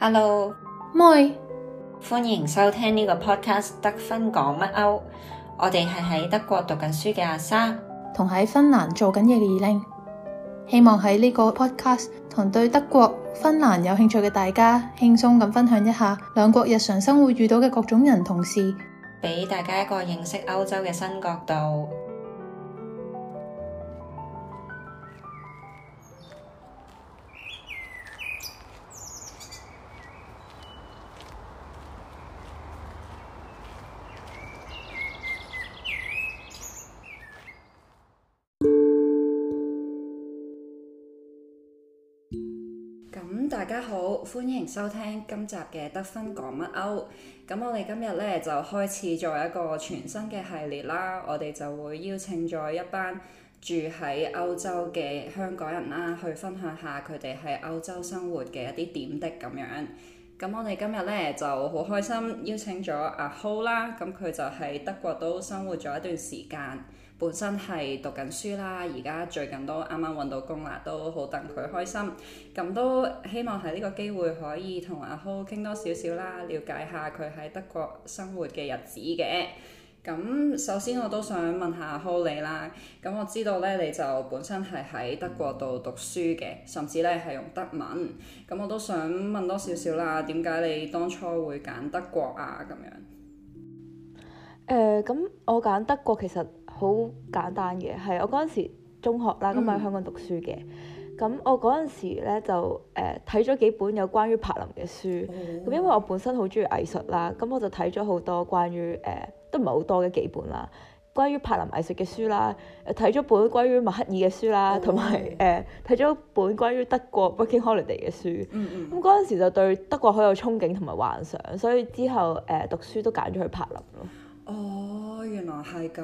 Hello，Moi，Moi. 歡迎收聽呢個 podcast，德芬講乜歐。我哋係喺德國讀緊書嘅阿沙，同喺芬蘭做緊嘢嘅二拎。希望喺呢個 podcast 同對德國、芬蘭有興趣嘅大家，輕鬆咁分享一下兩國日常生活遇到嘅各種人同事，俾大家一個認識歐洲嘅新角度。歡迎收聽今集嘅《得分講乜歐》，咁我哋今日咧，就開始做一個全新嘅系列啦。我哋就會邀請咗一班住喺歐洲嘅香港人啦，去分享下佢哋喺歐洲生活嘅一啲點滴咁樣。咁我哋今日咧，就好開心邀請咗阿 Ho 啦，咁佢就喺德國都生活咗一段時間，本身係讀緊書啦，而家最近都啱啱揾到工啦，都好戥佢開心。咁都希望喺呢個機會可以同阿 Ho 傾多少少啦，了解下佢喺德國生活嘅日子嘅。咁首先我都想問，問下 Ho 你啦。咁我知道呢，你就本身係喺德國度讀書嘅，甚至呢係用德文。咁我都想問多少少啦，點解你當初會揀德國啊？咁樣誒，咁我揀德國其實～好簡單嘅，係我嗰陣時中學啦，咁喺香港讀書嘅，咁、嗯、我嗰陣時咧就誒睇咗幾本有關於柏林嘅書，咁、嗯、因為我本身好中意藝術啦，咁我就睇咗好多關於誒、呃、都唔係好多嘅幾本啦，關於柏林藝術嘅書啦，誒睇咗本關於默克爾嘅書啦，同埋誒睇咗本關於德國 Working Holiday 嘅書，咁嗰陣時就對德國好有憧憬同埋幻想，所以之後誒、呃、讀書都揀咗去柏林咯。哦，原來係咁。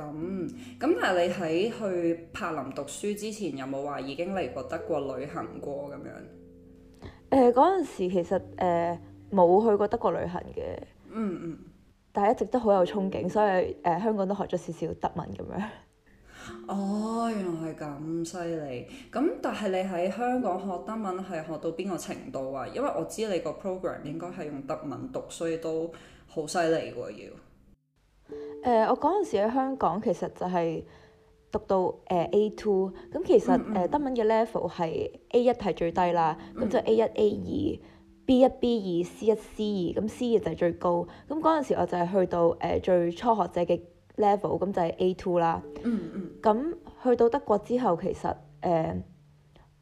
咁但係你喺去柏林讀書之前，有冇話已經嚟過德國旅行過咁樣？誒嗰、呃、時其實誒冇、呃、去過德國旅行嘅、嗯。嗯嗯。但係一直都好有憧憬，嗯、所以誒、呃、香港都學咗少少德文咁樣。哦，原來係咁犀利。咁但係你喺香港學德文係學到邊個程度啊？因為我知你個 program 應該係用德文讀，所以都好犀利喎要。誒、呃、我嗰陣時喺香港其實就係讀到誒、呃、A two，咁其實誒、mm hmm. 德文嘅 level 係 A 一係最低啦，咁、mm hmm. 就 A 一 A 二 B 一 B 二 C 一 C 二，咁 C 二就係最高。咁嗰陣時我就係去到誒、呃、最初學者嘅 level，咁就係 A two 啦。咁、mm hmm. 去到德國之後，其實誒、呃、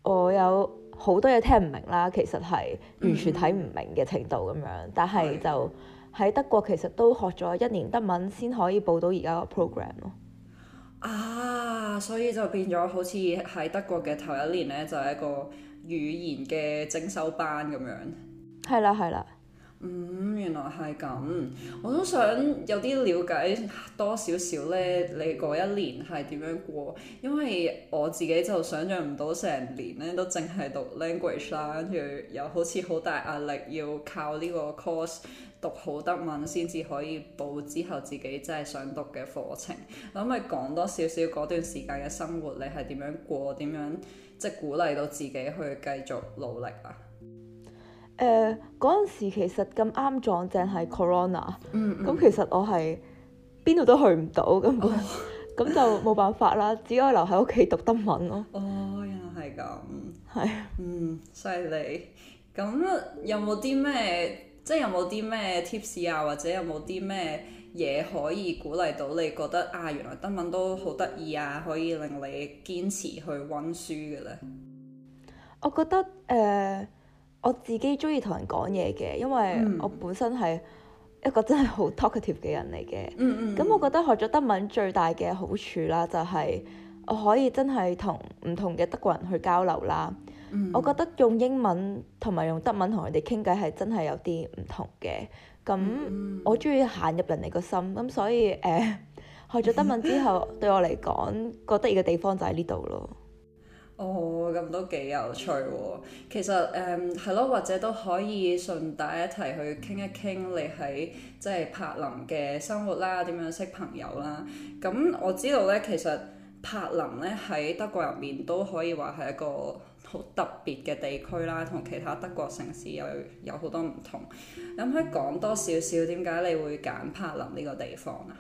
我有好多嘢聽唔明啦，其實係完全睇唔明嘅程度咁樣，mm hmm. 但係就。Mm hmm. 喺德國其實都學咗一年德文先可以報到而家個 program 咯。啊，所以就變咗好似喺德國嘅頭一年呢，就係一個語言嘅精修班咁樣。係啦，係啦。嗯，原來係咁，我都想有啲了解多少少呢。你嗰一年係點樣過？因為我自己就想像唔到成年咧都淨係讀 language 啦，跟住又好似好大壓力要靠呢個 course 讀好德文先至可以報之後自己真係想讀嘅課程。咁咪講多少少嗰段時間嘅生活，你係點樣過？點樣即係鼓勵到自己去繼續努力啊？誒嗰陣時其實咁啱撞正係 Corona，咁、嗯嗯、其實我係邊度都去唔到咁，咁、哦、 就冇辦法啦，只可以留喺屋企讀德文咯。哦，原來係咁，係啊是，嗯，犀利。咁有冇啲咩，即、就、係、是、有冇啲咩 tips 啊，或者有冇啲咩嘢可以鼓勵到你覺得啊，原來德文都好得意啊，可以令你堅持去溫書嘅咧？我覺得誒。呃我自己中意同人講嘢嘅，因為我本身係一個真係好 talkative 嘅人嚟嘅。咁、mm hmm. 我覺得學咗德文最大嘅好處啦，就係我可以真係同唔同嘅德國人去交流啦。Mm hmm. 我覺得用英文同埋用德文同人、mm hmm. 人哋傾偈係真係有啲唔同嘅。咁我中意行入人哋個心，咁所以誒、呃、學咗德文之後， 對我嚟講，覺得意嘅地方就喺呢度咯。哦，咁都幾有趣喎！其實誒係咯，或者都可以順帶一齊去傾一傾你喺即係柏林嘅生活啦，點樣識朋友啦。咁、嗯、我知道咧，其實柏林咧喺德國入面都可以話係一個好特別嘅地區啦，同其他德國城市又有好多唔同。咁、嗯、可以講多少少？點解你會揀柏林呢個地方呢？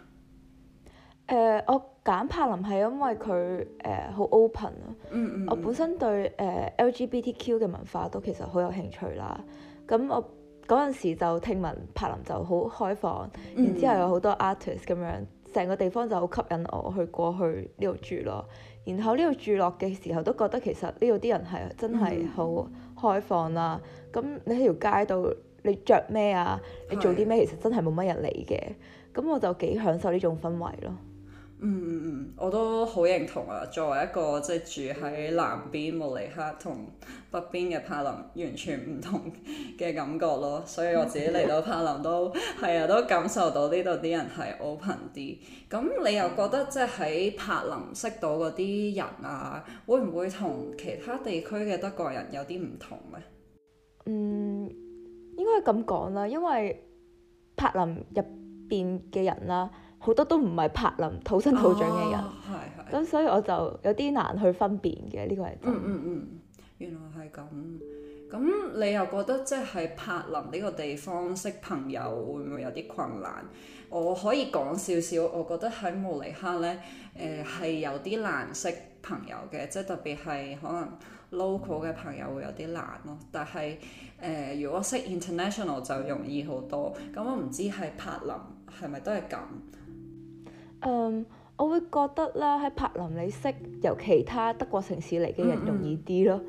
誒，uh, 我揀柏林係因為佢誒好 open 啊！Mm hmm. 我本身對誒、uh, LGBTQ 嘅文化都其實好有興趣啦。咁我嗰陣時就聽聞柏林就好開放，mm hmm. 然之後有好多 artist 咁樣，成個地方就好吸引我去過去呢度住咯。然後呢度住落嘅時候都覺得其實呢度啲人係真係好開放啦、啊。咁、mm hmm. 你喺條街度你着咩啊？你做啲咩 Yes. 其實真係冇乜人理嘅。咁我就幾享受呢種氛圍咯。嗯，我都好認同啊！作為一個即係住喺南邊慕尼黑同北邊嘅柏林，完全唔同嘅感覺咯。所以我自己嚟到柏林都係啊， 都感受到呢度啲人係 open 啲。咁你又覺得即係喺柏林識到嗰啲人啊，會唔會同其他地區嘅德國人有啲唔同呢？嗯，應該咁講啦，因為柏林入邊嘅人啦、啊。好多都唔係柏林土生土長嘅人，咁、哦、所以我就有啲難去分辨嘅呢、呢個係、嗯。嗯嗯嗯，原來係咁。咁你又覺得即係、就是、柏林呢個地方識朋友會唔會有啲困難？我可以講少少，我覺得喺慕尼黑呢誒係、呃、有啲難識朋友嘅，即係特別係可能 local 嘅朋友會有啲難咯。但係誒、呃，如果識 international 就容易好多。咁我唔知係柏林係咪都係咁。Um, 我會覺得啦，喺柏林你識由其他德國城市嚟嘅人容易啲咯，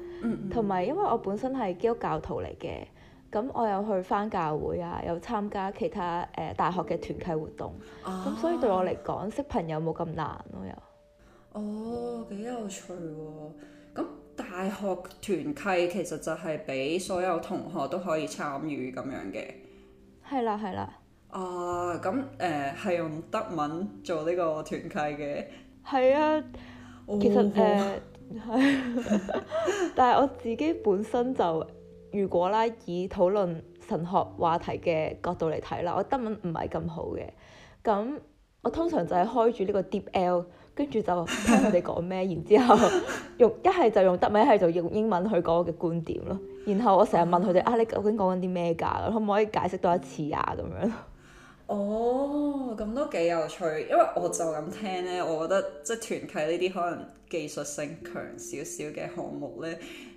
同埋、嗯嗯嗯嗯、因為我本身係基督教徒嚟嘅，咁我又去翻教會啊，又參加其他誒、呃、大學嘅團契活動，咁、啊、所以對我嚟講、啊、識朋友冇咁難咯、啊、又。哦，幾有趣喎、啊！咁大學團契其實就係俾所有同學都可以參與咁樣嘅。係啦，係啦。啊，咁誒係用德文做呢個團契嘅，係啊，其實誒、呃 啊，但係我自己本身就，如果啦以討論神學話題嘅角度嚟睇啦，我德文唔係咁好嘅，咁我通常就係開住呢個 Deep L，跟住就聽佢哋講咩， 然之後用一係就用德文，一係就用英文去講我嘅觀點咯，然後我成日問佢哋啊，你究竟講緊啲咩㗎？可唔可以解釋多一次啊？咁樣。哦，咁都幾有趣，因為我就咁聽呢，我覺得即係團契呢啲可能技術性強少少嘅項目呢，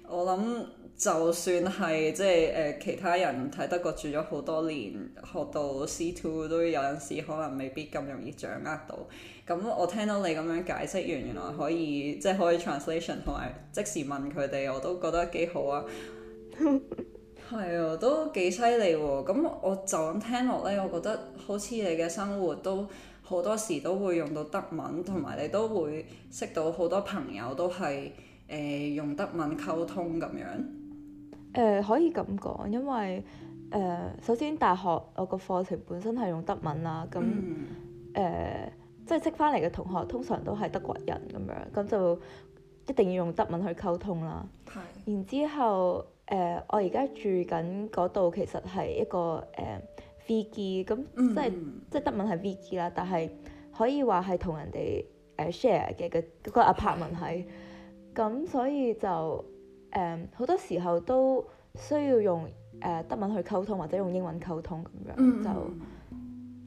我諗就算係即係誒、呃、其他人喺德國住咗好多年，學到 C two 都有陣時可能未必咁容易掌握到。咁我聽到你咁樣解釋完，原來可以即係可以 translation 同埋即時問佢哋，我都覺得幾好啊！ 係啊，都幾犀利喎！咁我就咁聽落咧，我覺得好似你嘅生活都好多時都會用到德文，同埋你都會識到好多朋友都係誒、呃、用德文溝通咁樣。誒、呃、可以咁講，因為誒、呃、首先大學我個課程本身係用德文啦。咁誒、嗯呃、即係識翻嚟嘅同學通常都係德國人咁樣，咁就一定要用德文去溝通啦。係。然之後。誒，uh, 我而家住緊嗰度，其實係一個誒 Vg 咁，uh, igi, 即係、mm hmm. 即係德文係 Vg 啦，但係可以話係同人哋誒、uh, share 嘅、那個個 apartment 係，咁 所以就誒好、uh, 多時候都需要用誒、uh, 德文去溝通，或者用英文溝通咁樣、mm hmm.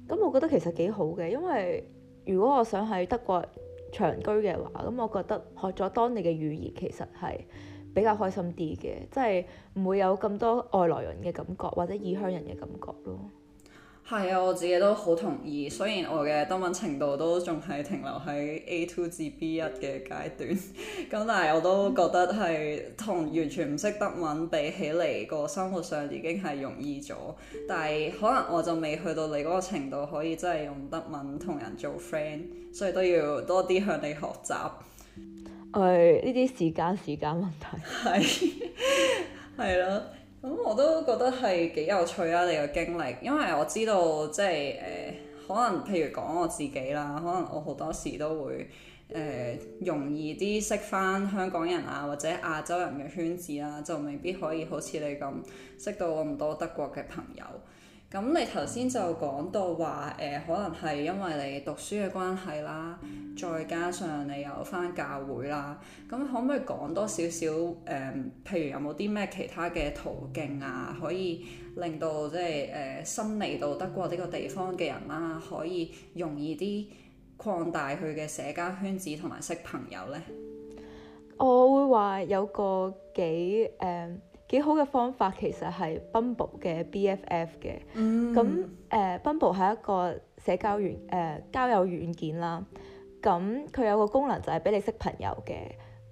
就，咁我覺得其實幾好嘅，因為如果我想喺德國長居嘅話，咁我覺得學咗當地嘅語言其實係，比較開心啲嘅，即係唔會有咁多外來人嘅感覺或者異鄉人嘅感覺咯。係啊，我自己都好同意。雖然我嘅德文程度都仲係停留喺 A two 至 B 一嘅階段，咁 但係我都覺得係同完全唔識德文比起嚟，個生活上已經係容易咗。但係可能我就未去到你嗰個程度，可以真係用德文同人做 friend，所以都要多啲向你學習。係呢啲時間時間問題，係係咯，咁我都覺得係幾有趣啊！你嘅經歷，因為我知道即係誒、呃，可能譬如講我自己啦，可能我好多時都會誒、呃、容易啲識返香港人啊，或者亞洲人嘅圈子啦、啊，就未必可以好似你咁識到咁多德國嘅朋友。咁你頭先就講到話誒、呃，可能係因為你讀書嘅關係啦，再加上你有返教會啦，咁可唔可以講多少少誒？譬如有冇啲咩其他嘅途徑啊，可以令到即係誒，新、呃、嚟到德國呢個地方嘅人啦，可以容易啲擴大佢嘅社交圈子同埋識朋友呢？我會話有個幾誒。Uh 幾好嘅方法其實係 Bumble 嘅 BFF 嘅，咁誒、mm. 呃、Bumble 係一個社交軟誒、呃、交友軟件啦，咁佢有個功能就係俾你識朋友嘅。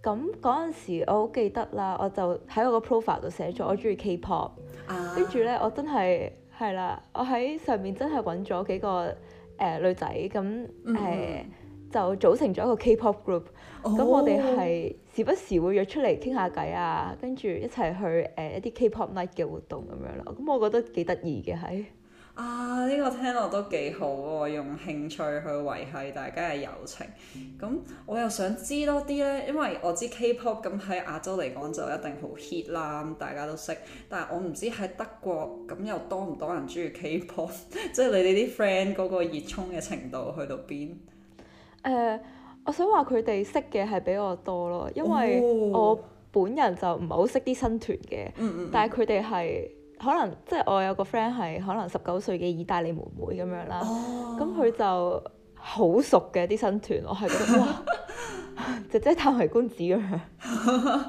咁嗰陣時我好記得啦，我就喺我個 profile 度寫咗我中意 K-pop，跟住咧我真係係啦，我喺上面真係揾咗幾個誒、呃、女仔，咁誒、mm hmm. 呃、就組成咗一個 K-pop group，咁我哋係。Oh. 時不時會約出嚟傾下偈啊，跟住一齊去誒、呃、一啲 K-pop night 嘅活動咁樣咯，咁我覺得幾得意嘅係。啊，呢、呢個聽落都幾好喎、啊，用興趣去維係大家嘅友情。咁我又想知多啲咧，因為我知 K-pop 咁喺亞洲嚟講就一定好 hit 啦，大家都識。但係我唔知喺德國咁又多唔多人中意 K-pop，即 係你哋啲 friend 嗰個熱衷嘅程度去到邊？誒。Uh, 我想話佢哋識嘅係比較多咯，因為我本人就唔係好識啲新團嘅，嗯嗯嗯，但係佢哋係可能即係、就是、我有個 friend 係可能十九歲嘅意大利妹妹咁樣啦，咁佢、哦、就好熟嘅啲新團，我係覺得哇， 姐姐嘆為觀止咁樣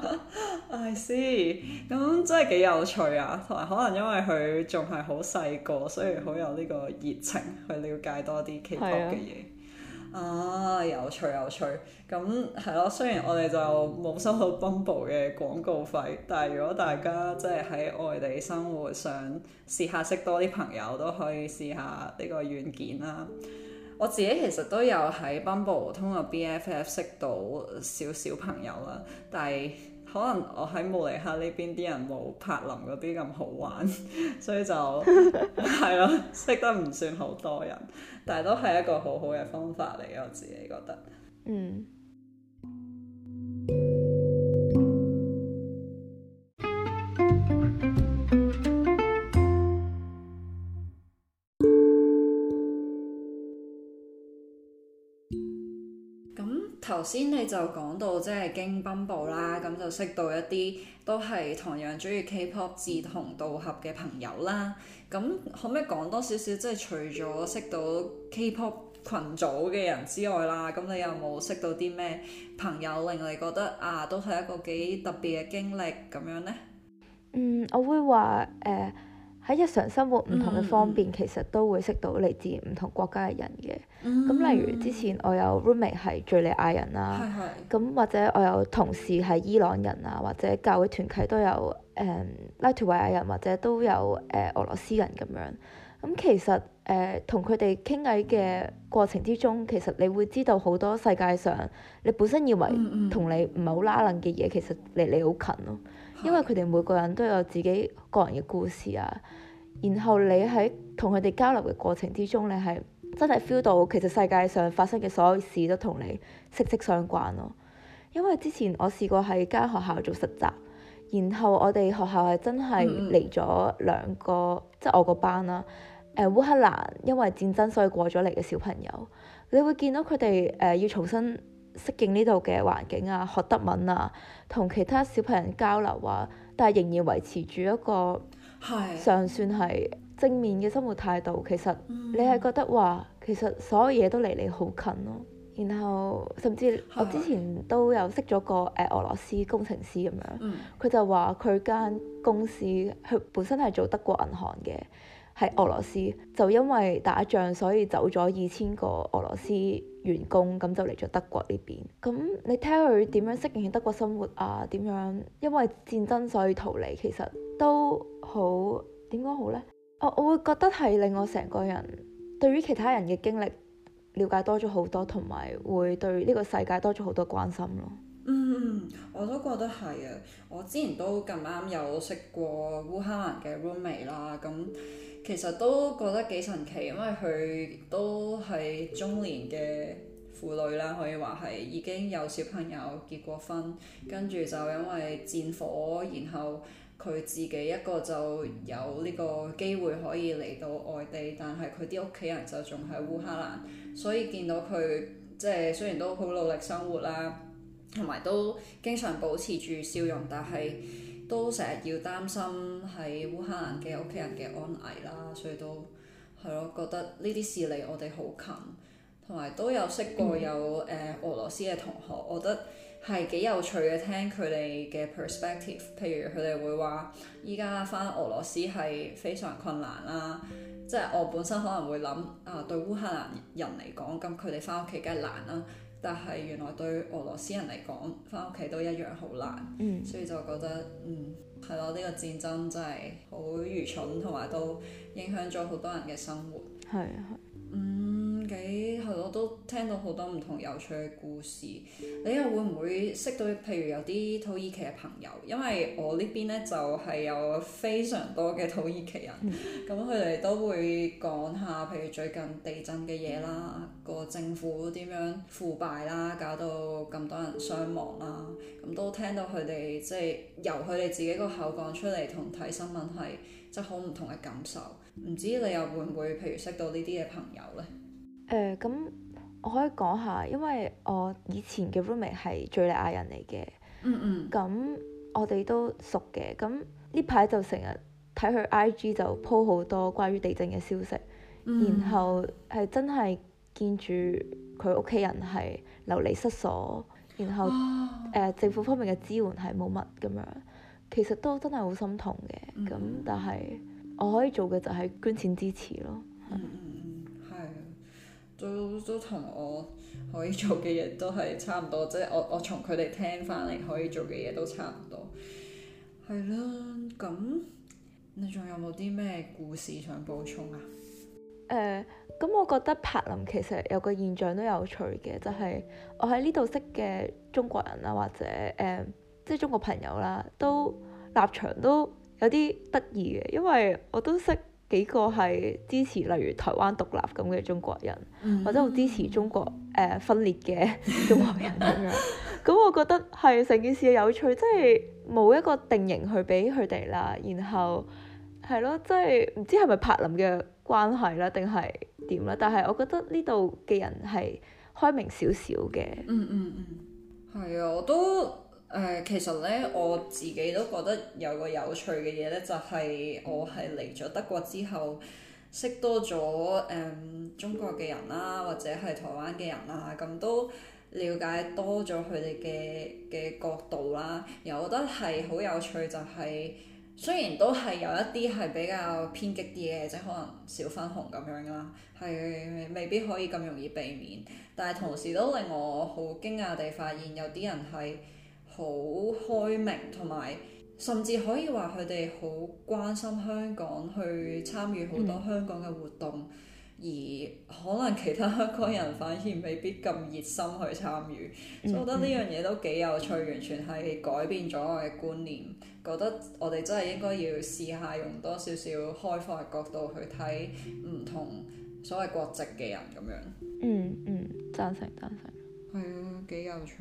，I see，咁真係幾有趣啊！同埋可能因為佢仲係好細個，所以好有呢個熱情去了解多啲 K-pop 嘅嘢。啊，有趣有趣，咁係咯，雖然我哋就冇收到 Bumble 嘅廣告費，但係如果大家即係喺外地生活，想試下識多啲朋友都可以試下呢個軟件啦。我自己其實都有喺 Bumble 通過 BFF 識到少少朋友啦，但係。可能我喺慕尼黑呢邊啲人冇柏林嗰啲咁好玩，所以就係咯， 識得唔算好多人，但係都係一個好好嘅方法嚟，我自己覺得。嗯。頭先你就講到即係經 Bumble 啦，咁就識到一啲都係同樣中意 K-pop 志同道合嘅朋友啦。咁可唔可以講多少少，即係除咗識到 K-pop 群組嘅人之外啦，咁你有冇識到啲咩朋友令你覺得啊，都係一個幾特別嘅經歷咁樣呢？嗯，我會話誒，Uh 喺日常生活唔同嘅方面，mm hmm. 其實都會識到嚟自唔同國家嘅人嘅。咁、mm hmm. 例如之前我有 roommate 係敍利亞人啦、啊，咁、mm hmm. 或者我有同事係伊朗人啊，或者教會團契都有誒拉脱維亞人，或者都有誒、uh, 俄羅斯人咁樣。咁其實誒同佢哋傾偈嘅過程之中，其實你會知道好多世界上你本身以為同你唔係好拉冷嘅嘢，mm hmm. 其實離你好近咯。因為佢哋每個人都有自己個人嘅故事啊，然後你喺同佢哋交流嘅過程之中，你係真係 feel 到其實世界上發生嘅所有事都同你息息相關咯。因為之前我試過喺間學校做實習，然後我哋學校係真係嚟咗兩個，即、mm hmm. 我個班啦、啊。誒、呃、烏克蘭因為戰爭所以過咗嚟嘅小朋友，你會見到佢哋誒要重新，適應呢度嘅環境啊，學德文啊，同其他小朋友交流啊，但係仍然維持住一個尚的算係正面嘅生活態度。其實你係覺得話，其實所有嘢都離你好近咯。然後甚至的我之前都有識咗個誒俄羅斯工程師咁樣，佢的就話佢間公司佢本身係做德國銀行嘅。喺俄羅斯就因為打仗，所以走咗二千個俄羅斯員工，咁就嚟咗德國呢邊。咁你睇下佢點樣適應德國生活啊？點樣因為戰爭所以逃離，其實都好點講好呢？我我會覺得係令我成個人對於其他人嘅經歷了解多咗好多，同埋會對呢個世界多咗好多關心咯。嗯，我都覺得係啊！我之前都咁啱有識過烏克蘭嘅 roommate 啦，咁。其實都覺得幾神奇，因為佢都係中年嘅婦女啦，可以話係已經有小朋友結過婚，跟住就因為戰火，然後佢自己一個就有呢個機會可以嚟到外地，但係佢啲屋企人就仲喺烏克蘭，所以見到佢即係雖然都好努力生活啦，同埋都經常保持住笑容，但係，都成日要擔心喺烏克蘭嘅屋企人嘅安危啦，所以都係咯，覺得呢啲事離我哋好近，同埋都有識過有誒、呃、俄羅斯嘅同學，我覺得係幾有趣嘅聽佢哋嘅 perspective，譬如佢哋會話依家翻俄羅斯係非常困難啦，即、就、係、是、我本身可能會諗啊、呃、對烏克蘭人嚟講，咁佢哋翻屋企梗係難啦。但係原來對俄羅斯人嚟講，翻屋企都一樣好難，嗯、所以就覺得嗯係咯，呢個戰爭真係好愚蠢，同埋都影響咗好多人嘅生活。係啊的，嗯。幾係我都聽到好多唔同有趣嘅故事。你又會唔會識到譬如有啲土耳其嘅朋友？因為我呢邊呢，就係有非常多嘅土耳其人，咁佢哋都會講下譬如最近地震嘅嘢啦，個政府點樣腐敗啦，搞到咁多人傷亡啦。咁都聽到佢哋即係由佢哋自己個口講出嚟，同睇新聞係即係好唔同嘅感受。唔知你又會唔會譬如識到呢啲嘅朋友呢？誒咁、呃、我可以講下，因為我以前嘅 roommate 係敍利亞人嚟嘅，咁、mm hmm. 我哋都熟嘅，咁呢排就成日睇佢 IG 就 po 好多關於地震嘅消息，mm hmm. 然後係真係見住佢屋企人係流離失所，然後誒、oh. 呃、政府方面嘅支援係冇乜咁樣，其實都真係好心痛嘅，咁、mm hmm. 但係我可以做嘅就係捐錢支持咯。Mm hmm. 都都同我可以做嘅嘢都係差唔多，即係我我從佢哋聽翻嚟可以做嘅嘢都差唔多，係啦。咁你仲有冇啲咩故事想補充啊？誒，咁我覺得柏林其實有個現象都有趣嘅，就係我喺呢度識嘅中國人啦，或者誒，即係中國朋友啦，都立場都有啲得意嘅，因為我都識。幾個係支持例如台灣獨立咁嘅中國人，mm hmm. 或者好支持中國誒、呃、分裂嘅中國人咁樣，咁 我覺得係成件事嘅有趣，即係冇一個定型去俾佢哋啦。然後係咯，即係唔知係咪柏林嘅關係啦，定係點啦？Mm hmm. 但係我覺得呢度嘅人係開明少少嘅。嗯嗯嗯，係、hmm. 啊，我都。誒、呃，其實咧，我自己都覺得有個有趣嘅嘢咧，就係、是、我係嚟咗德國之後，識多咗誒、嗯、中國嘅人啦、啊，或者係台灣嘅人啦、啊，咁都了解多咗佢哋嘅嘅角度啦。我覺得係好有趣、就是，就係雖然都係有一啲係比較偏激啲嘅，即係可能小粉紅咁樣啦，係未必可以咁容易避免。但係同時都令我好驚訝地發現有，有啲人係好開明，同埋甚至可以話佢哋好關心香港，去參與好多香港嘅活動，嗯、而可能其他香港人反而未必咁熱心去參與。嗯、我覺得呢樣嘢都幾有趣，嗯、完全係改變咗我嘅觀念，嗯、覺得我哋真係應該要試下用多少少開放嘅角度去睇唔同所謂國籍嘅人咁樣。嗯嗯，贊成贊成，係啊，幾有趣。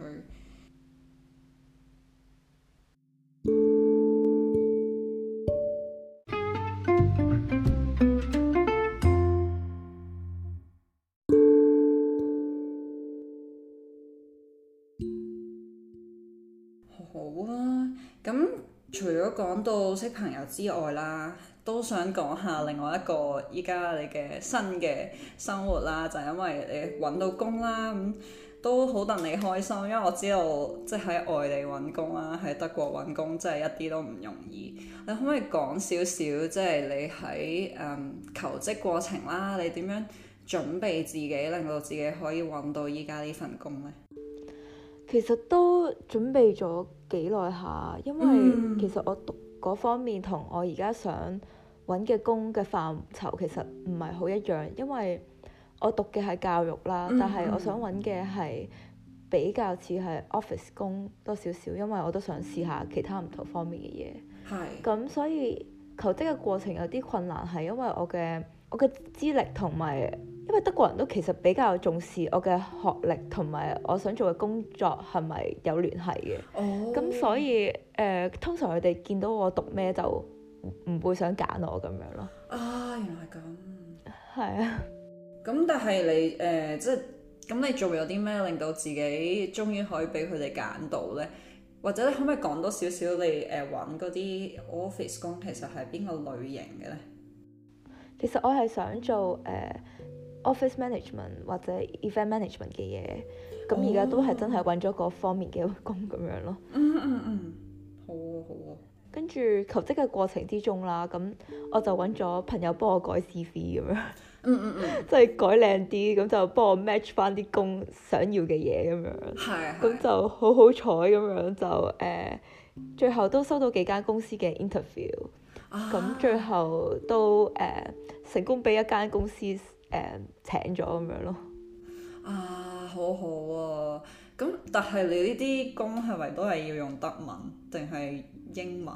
除咗講到識朋友之外啦，都想講下另外一個依家你嘅新嘅生活啦，就係、是、因為你揾到工啦，咁都好戥你開心。因為我知道即係喺外地揾工啦，喺德國揾工真係、就是、一啲都唔容易。你可唔可以講少少，即、就、係、是、你喺、嗯、求職過程啦，你點樣準備自己，令到自己可以揾到依家呢份工呢？其實都準備咗幾耐下，因為其實我讀嗰方面同我而家想揾嘅工嘅範疇其實唔係好一樣，因為我讀嘅係教育啦，但係我想揾嘅係比較似係 office 工多少少，因為我都想試下其他唔同方面嘅嘢。咁是所以求職嘅過程有啲困難，係因為我嘅我嘅資歷同埋。因為德國人都其實比較重視我嘅學歷同埋我想做嘅工作係咪有聯繫嘅，咁、oh. 所以誒、呃、通常佢哋見到我讀咩就唔會想揀我咁樣咯。Oh, 啊，原來係咁，係、呃、啊。咁但係你誒即係咁，你做有啲咩令到自己終於可以俾佢哋揀到咧？或者你可唔可以講多少少你誒揾嗰啲 office 工其實係邊個類型嘅咧？其實我係想做誒。呃 office management 或者 event management 嘅嘢，咁而家都係真係揾咗各方面嘅工咁樣咯。嗯嗯、mm hmm. 嗯，好啊好啊。好好跟住求職嘅過程之中啦，咁我就揾咗朋友幫我改 CV 咁樣，即係、mm hmm. 改靚啲，咁就幫我 match 翻啲工想要嘅嘢咁樣。係、mm。咁、hmm. 就好好彩咁樣就誒、uh, 最後都收到幾間公司嘅 interview。咁、ah. 最後都誒、uh, 成功俾一間公司。誒、um, 請咗咁樣咯啊，好好啊！咁但係你呢啲工係咪都係要用德文定係英文？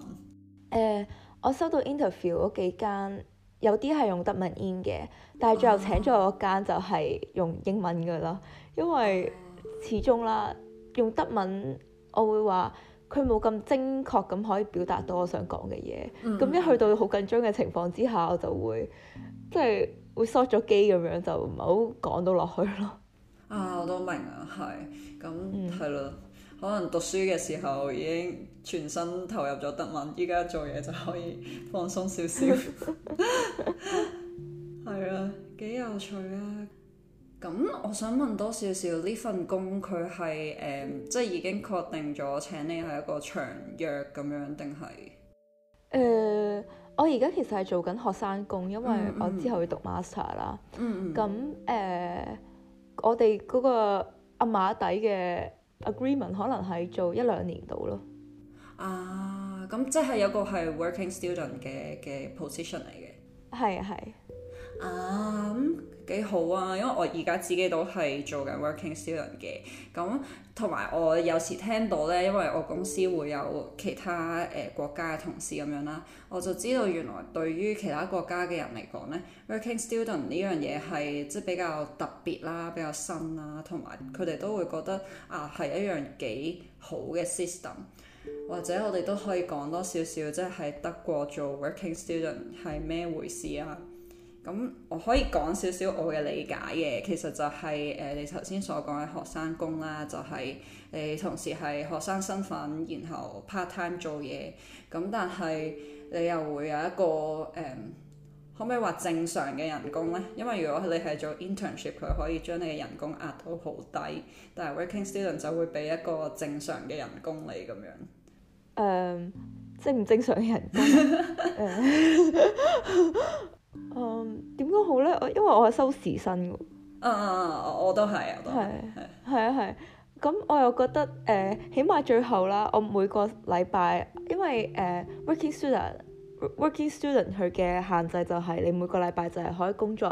誒，uh, 我收到 interview 嗰幾間有啲係用德文 in 嘅，但係最後請咗我間就係用英文噶啦，oh. 因為始終啦用德文，我會話佢冇咁精確咁可以表達到我想講嘅嘢。咁、mm. 一去到好緊張嘅情況之下，我就會即係。會收咗機咁樣，就唔好講到落去咯。啊，我都明啊，係，咁係咯，可能讀書嘅時候已經全身投入咗德文，依家做嘢就可以放鬆少少。係啊， 幾有趣啊！咁我想問多少少呢份工佢係誒，即係、呃就是、已經確定咗請你係一個長約咁樣定係？誒。呃我而家其實係做緊學生工，因為我之後要讀 master 啦。咁誒、mm，hmm. uh, 我哋嗰個阿馬底嘅 agreement 可能係做一兩年到咯。Uh, 啊，咁即係有個係 working student 嘅嘅 position 嚟嘅。係啊係。幾好啊！因為我而家自己都係做緊 working student 嘅，咁同埋我有時聽到咧，因為我公司會有其他誒、呃、國家嘅同事咁樣啦，我就知道原來對於其他國家嘅人嚟講咧，working student 呢樣嘢係即係比較特別啦、比較新啦，同埋佢哋都會覺得啊係一樣幾好嘅 system，或者我哋都可以講多少少，即、就、係、是、喺德國做 working student 係咩回事啊？咁我可以講少少我嘅理解嘅，其實就係、是、誒、呃、你頭先所講嘅學生工啦，就係、是、你同時係學生身份，然後 part time 做嘢，咁但係你又會有一個誒、嗯，可唔可以話正常嘅人工呢？因為如果你係做 internship，佢可以將你嘅人工壓到好低，但係 working student 就會俾一個正常嘅人工你咁樣。誒，um, 正唔正常嘅人工？ 嗯，點講、um, 好咧？我因為我係收時薪嘅。啊啊啊！我都係，我都係。係係係啊係，咁我又覺得誒、呃，起碼最後啦，我每個禮拜，因為誒、呃、working student、mm hmm. working student 佢嘅限制就係你每個禮拜就係可以工作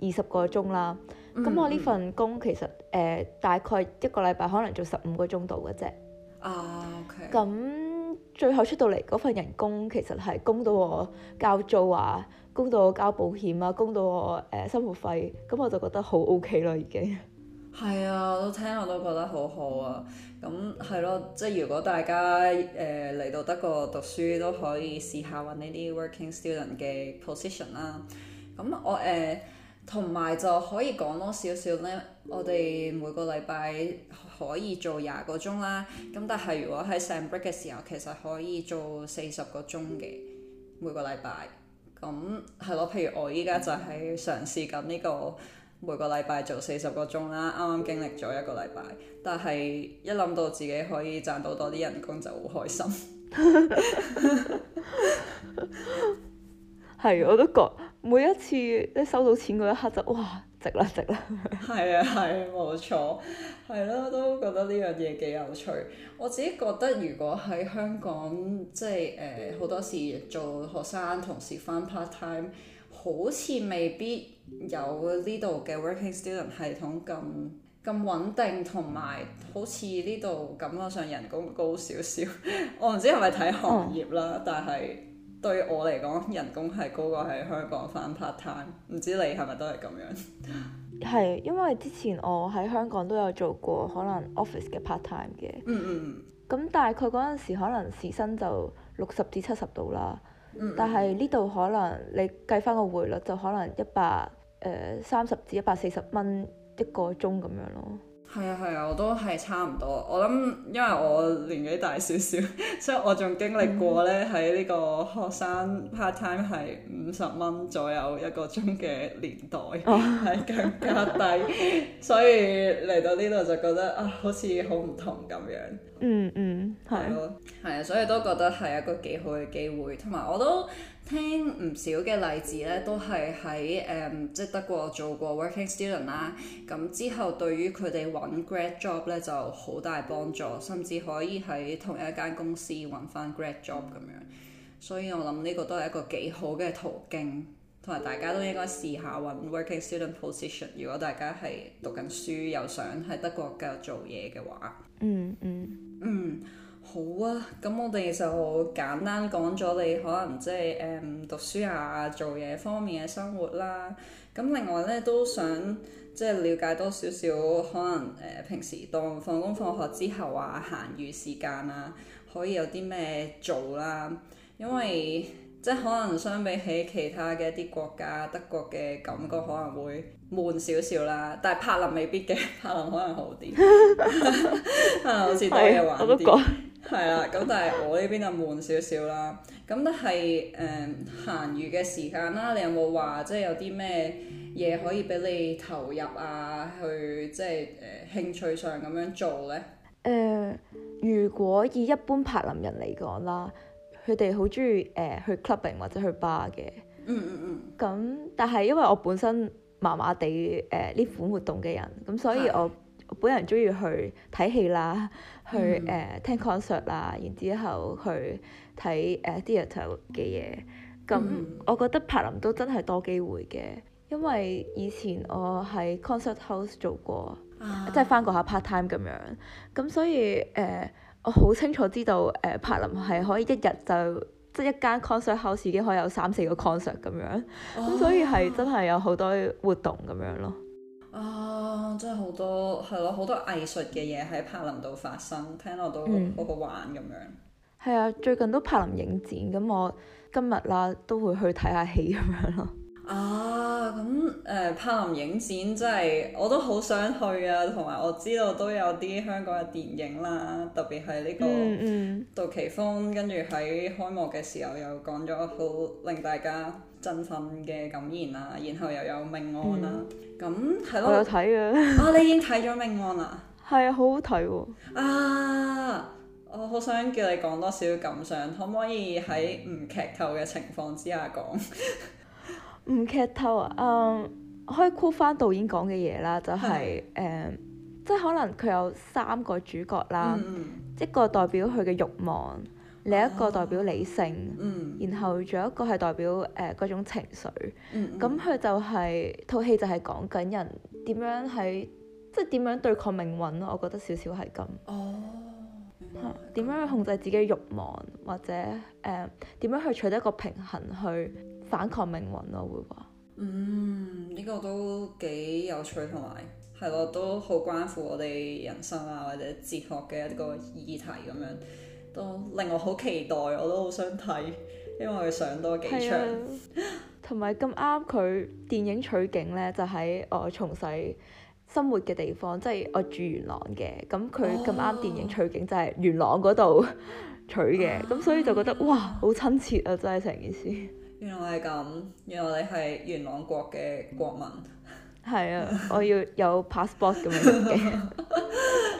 二十個鐘啦。咁我呢份工其實誒、呃、大概一個禮拜可能做十五個鐘度嘅啫。啊、uh,，OK。咁。最後出到嚟嗰份人工其實係供到我交租啊，供到我交保險啊，供到我誒、呃、生活費，咁我就覺得好 OK 啦，已經。係啊，我都聽，我都覺得好好啊。咁係咯，即係如果大家誒嚟、呃、到德國讀書都可以試下揾呢啲 working student 嘅 position 啦。咁我誒。呃同埋就可以講多少少呢？我哋每個禮拜可以做廿個鐘啦。咁但係如果喺成 break 嘅時候，其實可以做四十個鐘嘅每個禮拜。咁係咯，譬如我依家就係嘗試緊呢個每個禮拜做四十個鐘啦。啱啱經歷咗一個禮拜，但係一諗到自己可以賺到多啲人工就好開心。係，我都覺。每一次咧收到錢嗰一刻就哇值啦值啦！係啊係，冇錯，係咯都覺得呢樣嘢幾有趣。我自己覺得如果喺香港即係誒好多時做學生同時返 part time，好似未必有呢度嘅 working student 系統咁咁穩定同埋好似呢度感覺上人工高少少。 我唔知係咪睇行業啦，oh. 但係。對我嚟講，人工係高過喺香港返 part time，唔知你係咪都係咁樣？係，因為之前我喺香港都有做過，可能 office 嘅 part time 嘅。嗯嗯嗯。咁、hmm. 大概嗰陣時可能時薪就六十至七十度啦。Mm hmm. 但係呢度可能你計返個匯率就可能一百誒三十至一百四十蚊一個鐘咁樣咯。係啊，係啊，我都係差唔多。我諗因為我年紀大少少， 所以我仲經歷過呢。喺呢個學生 part time 係五十蚊左右一個鐘嘅年代，係、oh. 更加低。 所以嚟到呢度就覺得啊，好似好唔同咁樣。嗯嗯、mm，係、hmm. 咯的，係啊，所以都覺得係一個幾好嘅機會，同埋我都。聽唔少嘅例子咧，都係喺誒即德國做過 working student 啦、啊。咁之後對於佢哋揾 grad job 咧就好大幫助，甚至可以喺同一間公司揾翻 grad job 咁樣。所以我諗呢個都係一個幾好嘅途徑，同埋大家都應該試下揾 working student position。如果大家係讀緊書又想喺德國繼續做嘢嘅話，嗯嗯。嗯好啊，咁我哋就簡單講咗你可能即係誒讀書啊、做嘢方面嘅生活啦。咁另外咧，都想即係了解多少少可能誒、呃、平時當放工放學之後啊、閒余餘時間啊，可以有啲咩做啦。因為即係、就是、可能相比起其他嘅一啲國家，德國嘅感覺可能會悶少少啦。但係柏林未必嘅，柏林可能好啲，柏林好似多嘢玩啲。 係啦，咁 但係我呢邊就悶少少啦。咁都係誒閒餘嘅時間啦。你有冇話即係有啲咩嘢可以俾你投入啊？去即係誒、呃、興趣上咁樣做咧？誒、呃，如果以一般柏林人嚟講啦，佢哋好中意誒去 clubbing 或者去 bar 嘅。嗯嗯嗯。咁但係因為我本身麻麻地誒呢款活動嘅人，咁所以我。本人中意去睇戲啦，去誒、mm. 呃、聽 concert 啦，然之後去睇誒 theatre e 嘅嘢。咁、呃 mm. 呃、我覺得柏林都真係多機會嘅，因為以前我喺 concert house 做過，ah. 即係翻過下 part time 咁樣。咁所以誒、呃，我好清楚知道誒、呃、柏林係可以一日就即係、就是、一間 concert house 已經可以有三四個 concert 咁樣，咁、ah. 嗯、所以係真係有好多活動咁樣咯。啊！Oh, 真係好多係咯，好多藝術嘅嘢喺柏林度發生，聽落都好好玩咁樣。係、嗯、啊，最近都柏林影展，咁我今日啦都會去睇下戲咁樣咯。啊、oh,，咁、呃、誒、柏林影展真係我都好想去啊，同埋我知道都有啲香港嘅電影啦，特別係呢個杜琪峰，嗯嗯、跟住喺開幕嘅時候又講咗好令大家振奮嘅感言啦，然後又有命案啦，咁係咯。我有睇嘅。啊，你已經睇咗命案啦？係 啊，好好睇喎。啊，我好想叫你講多少少感想，可唔可以喺唔劇透嘅情況之下講？唔 劇透啊，嗯、um,，可以酷 a 翻導演講嘅嘢啦，就係、是的 um, 即係可能佢有三個主角啦，um, um, 一個代表佢嘅慾望。另一個代表理性，啊嗯、然後仲有一個係代表誒嗰、uh, 種情緒，咁佢、嗯嗯、就係套戲就係講緊人點樣喺，嗯、即係點樣對抗命運咯。我覺得少少係咁。哦，點、嗯、樣去控制自己慾望，或者誒點、uh, 樣去取得一個平衡去反抗命運咯？我會話。嗯，呢、這個都幾有趣，同埋係咯，都好關乎我哋人生啊，或者哲學嘅一個議題咁樣。都令我好期待，我都好想睇，因為佢上多幾場，同埋咁啱佢電影取景呢就喺、是、我從細生活嘅地方，即、就、係、是、我住元朗嘅，咁佢咁啱電影取景就係元朗嗰度取嘅，咁、哦、所以就覺得哇，好親切啊，真係成件事。原來係咁，原來你係元朗國嘅國民。係啊，我要有 passport 咁樣嘅。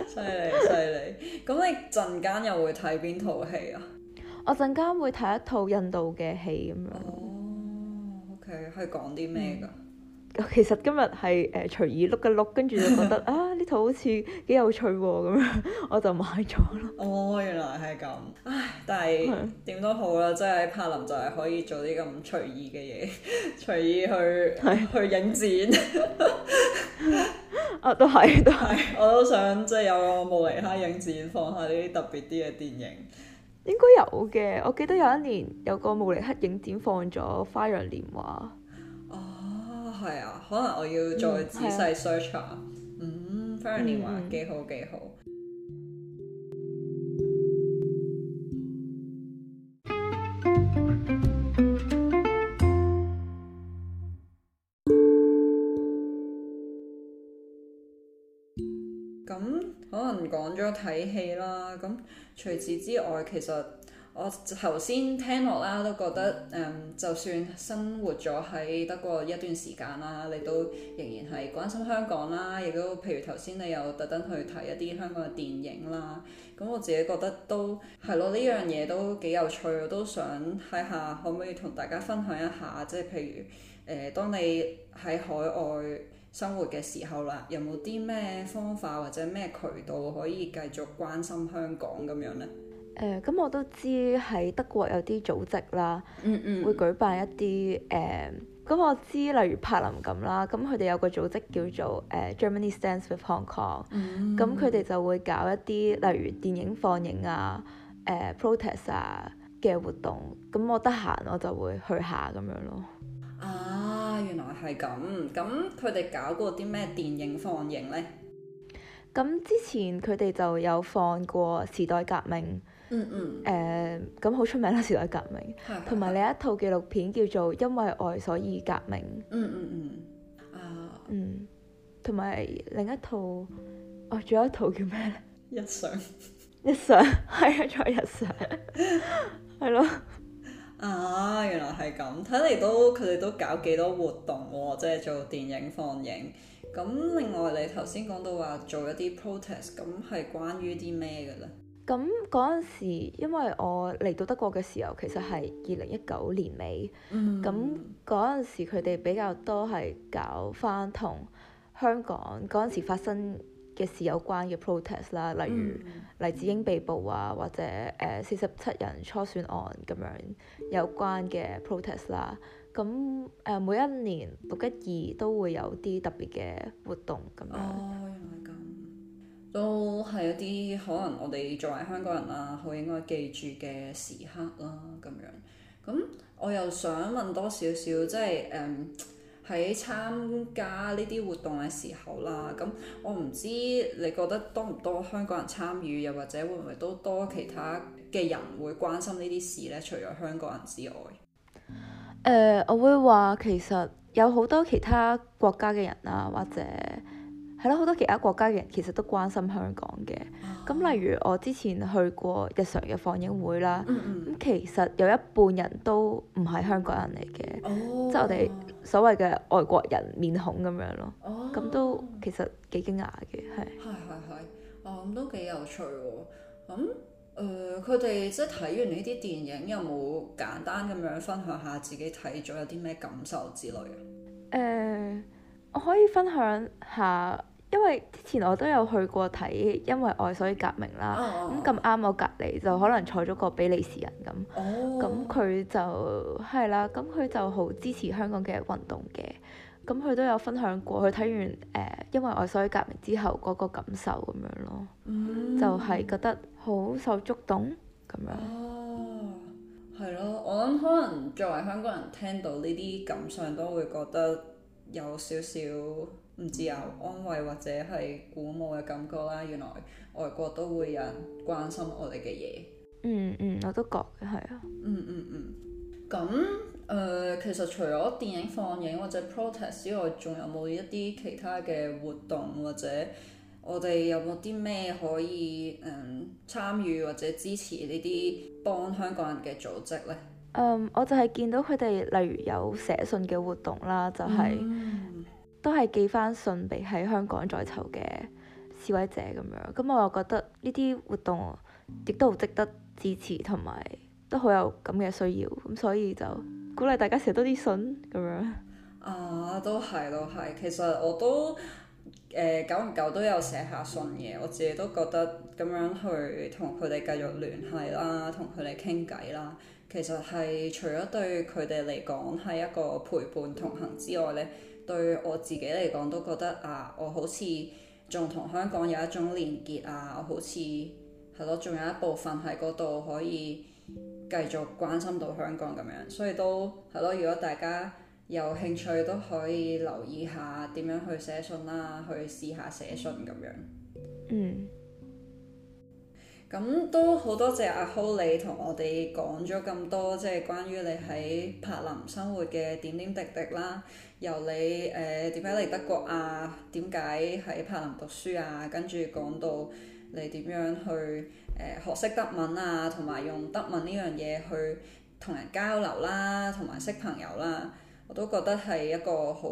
犀利犀利，咁你陣間又會睇邊套戲啊？我陣間會睇一套印度嘅戲咁樣。哦、oh，OK，係講啲咩㗎？ 其實今日係誒隨意碌一碌，跟住就覺得 啊呢套好似幾有趣喎咁樣，我就買咗咯。哦，原來係咁。唉，但係點都好啦，即係柏林就係可以做啲咁隨意嘅嘢，隨意去是去，去影展。 啊，都係，都係。 我都想即係、就是、有個慕尼黑影展放下呢啲特別啲嘅電影。應該有嘅，我記得有一年有一個慕尼黑影展放咗《花樣年華》。係啊，可能我要再仔細 search 下。嗯、mm, okay. mm, 反而話幾好幾好。咁、mm. 可能講咗睇戲啦，咁除此之外其實。我頭先聽落啦，都覺得誒、嗯，就算生活咗喺德國一段時間啦，你都仍然係關心香港啦，亦都譬如頭先你又特登去睇一啲香港嘅電影啦。咁我自己覺得都係咯，呢樣嘢都幾有趣，我都想睇下可唔可以同大家分享一下，即係譬如誒、呃，當你喺海外生活嘅時候啦，有冇啲咩方法或者咩渠道可以繼續關心香港咁樣呢？誒咁、呃、我都知喺德國有啲組織啦，嗯嗯、會舉辦一啲誒咁。呃、我知例如柏林咁啦，咁佢哋有個組織叫做誒、呃、Germany Stands with Hong Kong，咁佢哋就會搞一啲例如電影放映啊、誒、呃、protest 啊嘅活動。咁我得閒我就會去下咁樣咯。啊，原來係咁。咁佢哋搞過啲咩電影放映呢？咁、嗯、之前佢哋就有放過《時代革命》。嗯嗯，誒咁好出名啦！時代革命，同埋你一套紀錄片叫做《因為愛所以革命》。嗯嗯、mm hmm. uh、嗯，啊，嗯，同埋另一套，哦、mm，仲、hmm. 有一套叫咩咧？日常，日常，係啊，再日常，係咯。啊，原來係咁，睇嚟都佢哋都搞幾多活動喎。啊，即、就、係、是、做電影放映。咁另外，你說說，你頭先講到話做一啲 protest，咁係關於啲咩嘅咧？咁嗰陣時，因為我嚟到德國嘅時候，其實係二零一九年尾。嗯、mm。咁嗰陣時，佢哋比較多係搞翻同香港嗰陣時發生嘅事有關嘅 protest 啦，例如黎智英被捕啊，或者誒四十七人初選案咁樣有關嘅 protest 啦。咁誒、uh, 每一年六一二都會有啲特別嘅活動咁樣。Oh, 都係一啲可能我哋作為香港人啊，好應該記住嘅時刻啦、啊，咁樣。咁我又想問多少少，即係誒喺參加呢啲活動嘅時候啦、啊。咁我唔知你覺得多唔多香港人參與，又或者會唔會都多其他嘅人會關心呢啲事呢？除咗香港人之外，誒、呃，我會話其實有好多其他國家嘅人啊，或者。係咯，好多其他國家嘅人其實都關心香港嘅。咁、啊、例如我之前去過日常嘅放映會啦，咁、嗯嗯嗯、其實有一半人都唔係香港人嚟嘅，即係、哦、我哋所謂嘅外國人面孔咁樣咯。咁、哦、都其實幾驚訝嘅，係。係係係，啊咁都幾有趣喎。咁誒，佢哋即係睇完呢啲電影，有冇簡單咁樣分享下自己睇咗有啲咩感受之類啊？誒、呃。我可以分享下，因為之前我都有去過睇《因為愛所以革命》啦，咁咁啱我隔離就可能坐咗個比利時人咁，咁佢、oh. 就係啦，咁佢就好支持香港嘅運動嘅，咁佢都有分享過，佢睇完《誒、呃、因為愛所以革命》之後嗰個感受咁樣咯，mm. 就係覺得好受觸動咁樣，係咯、oh. 嗯，我諗可能作為香港人聽到呢啲感想都會覺得。有少少唔自由，安慰或者係鼓舞嘅感覺啦。原來外國都會有人關心我哋嘅嘢。嗯嗯，我都覺嘅係啊、嗯。嗯嗯嗯。咁誒、呃，其實除咗電影放映或者 protest 之外，仲有冇一啲其他嘅活動，或者我哋有冇啲咩可以誒、嗯、參與或者支持呢啲幫香港人嘅組織呢？嗯，um, 我就係見到佢哋，例如有寫信嘅活動啦，就係、係 mm. 都係寄翻信俾喺香港在囚嘅示威者咁樣。咁我又覺得呢啲活動亦都好值得支持，同埋都好有咁嘅需要。咁所以就鼓勵大家寫多啲信咁樣。啊，都係都係。其實我都誒、呃、久唔久都有寫下信嘅，我自己都覺得咁樣去同佢哋繼續聯繫啦，同佢哋傾偈啦。其實係除咗對佢哋嚟講係一個陪伴同行之外咧，對我自己嚟講都覺得啊，我好似仲同香港有一種連結啊，好似係咯，仲有一部分喺嗰度可以繼續關心到香港咁樣，所以都係咯。如果大家有興趣都可以留意下點樣去寫信啦，啊，去試下寫信咁樣。嗯。咁都好多謝阿 Ho 你同我哋講咗咁多，即係關於你喺柏林生活嘅點點滴滴啦。由你誒點解嚟德國啊，點解喺柏林讀書啊，跟住講到你點樣去誒學識德文啊，同埋用德文呢樣嘢去同人交流啦，同埋識朋友啦。我都覺得係一個好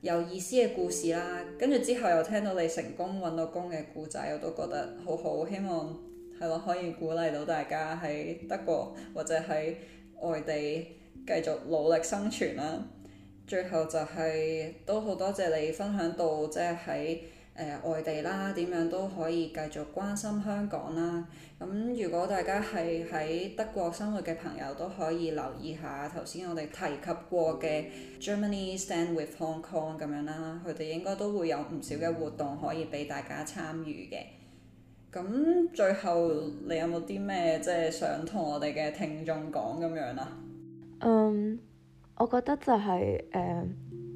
有意思嘅故事啦。跟住之後又聽到你成功揾到工嘅故仔，我都覺得好好，希望～係咯，可以鼓勵到大家喺德國或者喺外地繼續努力生存啦。最後就係都好多謝你分享到即係喺誒外地啦，點樣都可以繼續關心香港啦。咁如果大家係喺德國生活嘅朋友，都可以留意下頭先我哋提及過嘅 Germany Stand With Hong Kong 咁樣啦，佢哋應該都會有唔少嘅活動可以俾大家參與嘅。咁最後你有冇啲咩即係想同我哋嘅聽眾講咁樣啊？嗯，um, 我覺得就係、是、誒、呃，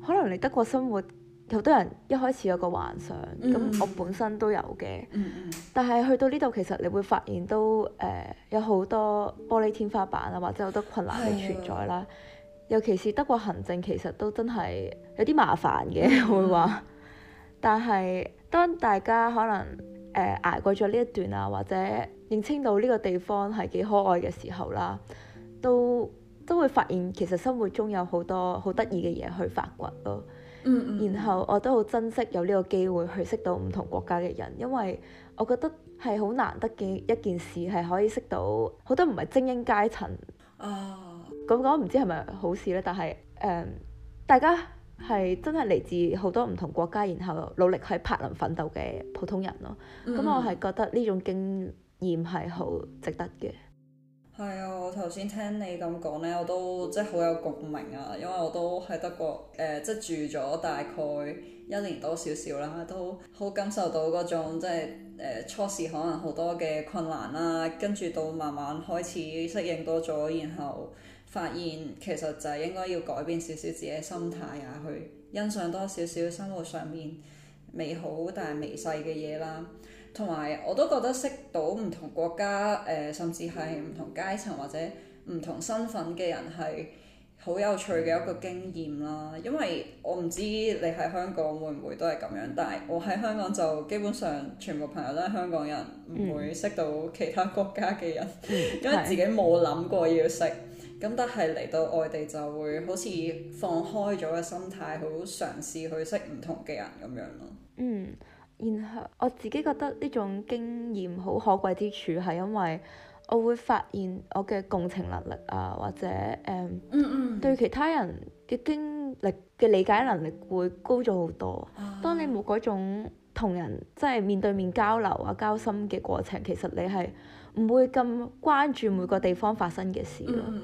可能你德國生活，好多人一開始有個幻想，咁、mm hmm. 我本身都有嘅。Mm hmm. 但係去到呢度，其實你會發現都誒、呃、有好多玻璃天花板啊，或者好多困難係存在啦。 尤其是德國行政，其實都真係有啲麻煩嘅，會話、mm。Hmm. 但係當大家可能。挨捱、呃、過咗呢一段啊，或者認清到呢個地方係幾可愛嘅時候啦，都都會發現其實生活中有好多好得意嘅嘢去發掘咯。嗯嗯。然後我都好珍惜有呢個機會去識到唔同國家嘅人，因為我覺得係好難得嘅一件事，係可以識到好多唔係精英階層。哦。咁講唔知係咪好事咧？但係、呃、大家。係真係嚟自好多唔同國家，然後努力喺柏林奮鬥嘅普通人咯。咁、嗯、我係覺得呢種經驗係好值得嘅。係啊，我頭先聽你咁講呢，我都即係好有共鳴啊，因為我都喺德國誒，即、呃即係、住咗大概一年多少少啦，都好感受到嗰種即係誒初時可能好多嘅困難啦，跟住到慢慢開始適應多咗，然後，發現其實就係應該要改變少少自己嘅心態啊，去欣賞多少少生活上面美好但係微細嘅嘢啦。同埋我都覺得識到唔同國家誒、呃，甚至係唔同階層或者唔同身份嘅人係好有趣嘅一個經驗啦。因為我唔知你喺香港會唔會都係咁樣，但係我喺香港就基本上全部朋友都係香港人，唔、嗯、會識到其他國家嘅人，嗯、 因為自己冇諗過要識。嗯咁但係嚟到外地就會好似放開咗嘅心態，好嘗試去識唔同嘅人咁樣咯。嗯，然後我自己覺得呢種經驗好可貴之處係因為我會發現我嘅共情能力啊，或者誒，嗯嗯嗯、對其他人嘅經歷嘅理解能力會高咗好多。啊、當你冇嗰種同人即係、就是、面對面交流啊、交心嘅過程，其實你係。唔會咁關注每個地方發生嘅事咯，嗯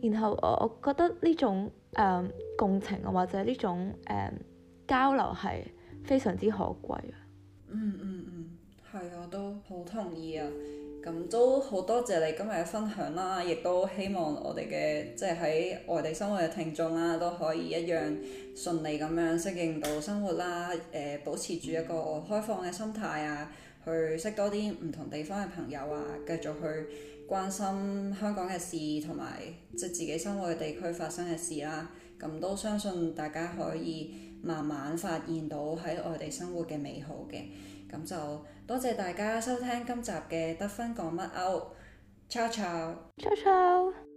嗯、然後我我覺得呢種誒、呃、共情啊，或者呢種誒、呃、交流係非常之可貴啊、嗯。嗯嗯嗯，係啊，我都好同意啊。咁都好多謝你今日嘅分享啦，亦都希望我哋嘅即係喺外地生活嘅聽眾啦、啊，都可以一樣順利咁樣適應到生活啦、啊。誒、呃，保持住一個開放嘅心態啊！去識多啲唔同地方嘅朋友啊，繼續去關心香港嘅事同埋即係自己生活嘅地區發生嘅事啦。咁都相信大家可以慢慢發現到喺外地生活嘅美好嘅。咁就多謝大家收聽今集嘅得分講乜歐。Ciao, ciao。